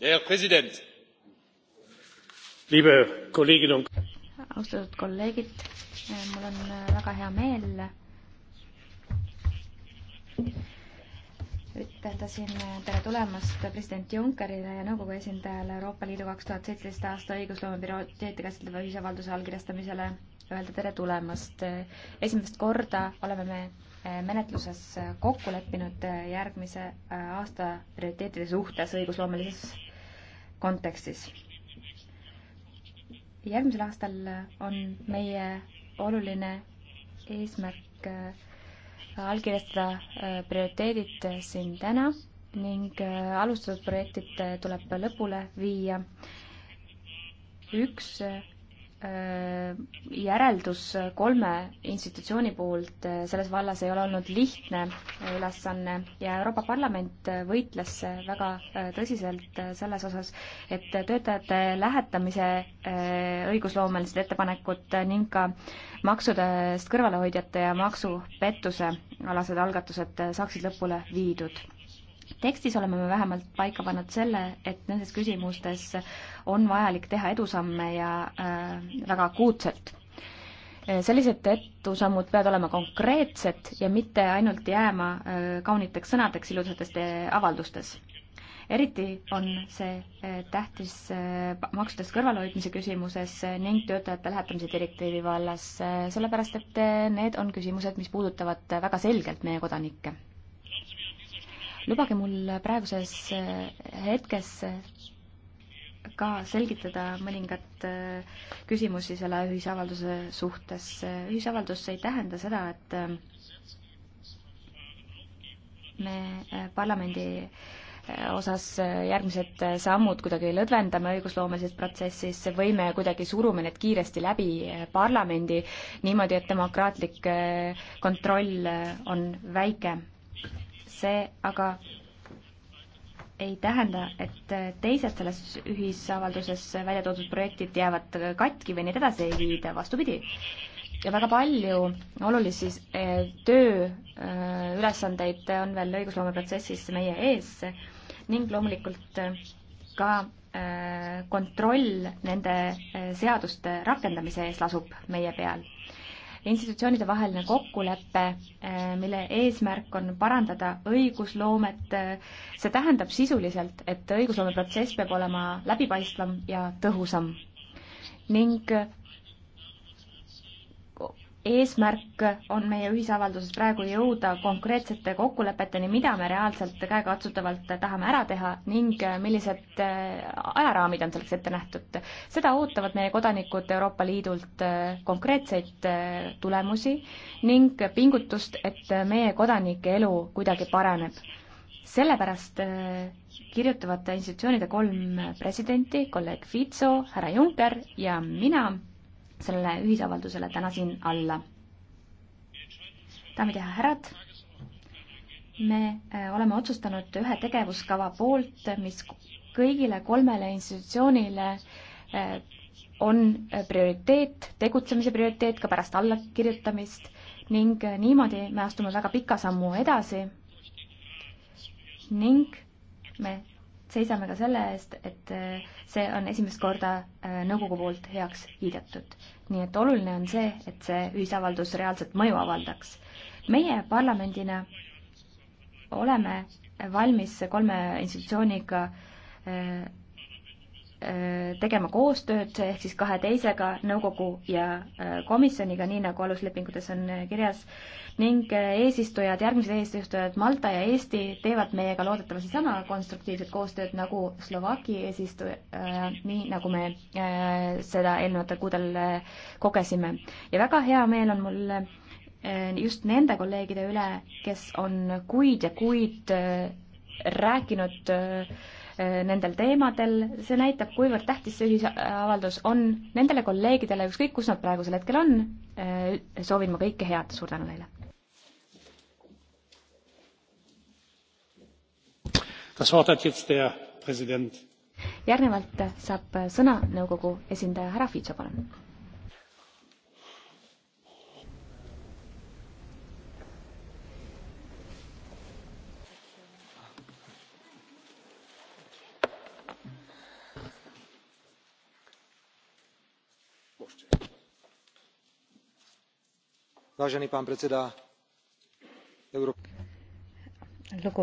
herr präsident liebe kolleginnen und austatud kolleegid mul on äh, väga hea meel ütelda siin äh, tere tulemast president Junckerile ja nõukogu esindajale Euroopa Liidu kaks tuhat seitseteist aasta õigusloome prioriteete käsitleva ühisavalduse allkirjastamisele öelda tere tulemast. esimest korda oleme me menetluses kokku leppinud järgmise äh, aasta prioriteetide suhtes õigusloomelises kontekstis. järgmisel aastal on meie oluline eesmärk äh, allkirjastada äh, prioriteedid siin täna ning alustatud projektid tuleb lõpule viia. üks Äh, järeldus kolme institutsiooni poolt äh, selles vallas ei ole olnud lihtne ülesanne ja Euroopa Parlament äh, võitles väga tõsiselt selles osas, et töötajate lähetamise õigusloomelised ettepanekud ning ka maksudest kõrvalehoidjate ja maksupettuse alased algatused saaksid lõpule viidud tekstis oleme me vähemalt paika pannud selle, et nendes küsimustes on vajalik teha edusamme ja äh, väga akuutselt. Äh, sellised edusammud peavad olema konkreetsed ja mitte ainult jääma äh, kauniteks sõnadeks ilusates äh, avaldustes. eriti on see äh, tähtis äh, maksudest kõrvalhoidmise küsimuses äh, ning töötajate lähetamise direktiivi vallas äh,, sellepärast et äh, need on küsimused, mis puudutavad äh, väga selgelt meie kodanikke lubage mul praeguses eh, hetkes eh, ka selgitada mõningat eh, küsimusi selle ühisavalduse suhtes. ühisavaldus ei tähenda seda, et me parlamendi osas järgmised sammud kuidagi lõdvendame õigusloomelises protsessis või me kuidagi surume need kiiresti läbi parlamendi niimoodi, et demokraatlik kontroll on väike see aga ei tähenda, et teised selles ühisavalduses välja toodud projektid jäävad katki või neid edasi ei viida, vastupidi. ja väga palju olulisi eh, tööülesandeid eh, on veel õigusloomeprotsessis meie ees ning loomulikult eh, ka kontroll nende seaduste rakendamise ees lasub meie peal institutsioonide vaheline kokkulepe, äh, mille eesmärk on parandada õigusloomet. Äh, see tähendab sisuliselt, et õigusloomeprotsess peab olema läbipaistvam ja tõhusam ning eesmärk on meie ühisavalduses praegu jõuda konkreetsete kokkulepeteni, mida me reaalselt käekatsutavalt tahame ära teha ning millised äh, ajaraamid on selleks ette nähtud. seda ootavad meie kodanikud Euroopa Liidult äh, konkreetseid äh, tulemusi ning pingutust, et meie kodanike elu kuidagi paraneb. sellepärast kirjutavad institutsioonide kolm presidenti, kolleeg Fico, härra Juncker ja mina sellele ühisavaldusele täna siin alla. daamid ja härrad, me äh, oleme otsustanud ühe tegevuskava poolt, mis kõigile kolmele institutsioonile äh, on äh, prioriteet, tegutsemise prioriteet ka pärast allakirjutamist ning niimoodi me astume väga pika sammu edasi ning me seisame ka selle eest, et äh, see on esimest korda äh, nõukogu poolt heaks kiidetud. nii et oluline on see, et see ühisavaldus reaalselt mõju avaldaks. meie parlamendina oleme valmis kolme institutsiooniga äh, Äh, tegema koostööd ehk siis kahe teisega, nõukogu ja äh, komisjoniga, nii nagu aluslepingutes on äh, kirjas, ning eesistujad, järgmised eesistujad Malta ja Eesti teevad meiega loodetavasti sama konstruktiivset koostööd nagu Slovaki eesistuja, nii nagu me seda eelnevatel kuudel kogesime. ja väga hea meel on mul just nende kolleegide üle, kes on kuid ja kuid rääkinud äh, Eh, nendel teemadel, see näitab, kuivõrd tähtis see ühisavaldus on nendele kolleegidele, ükskõik kus nad praegusel hetkel on, eh, soovin ma kõike head, suur tänu teile! järgnevalt saab sõna nõukogu esindaja härra Fico, palun! lugupeetud kolleegid!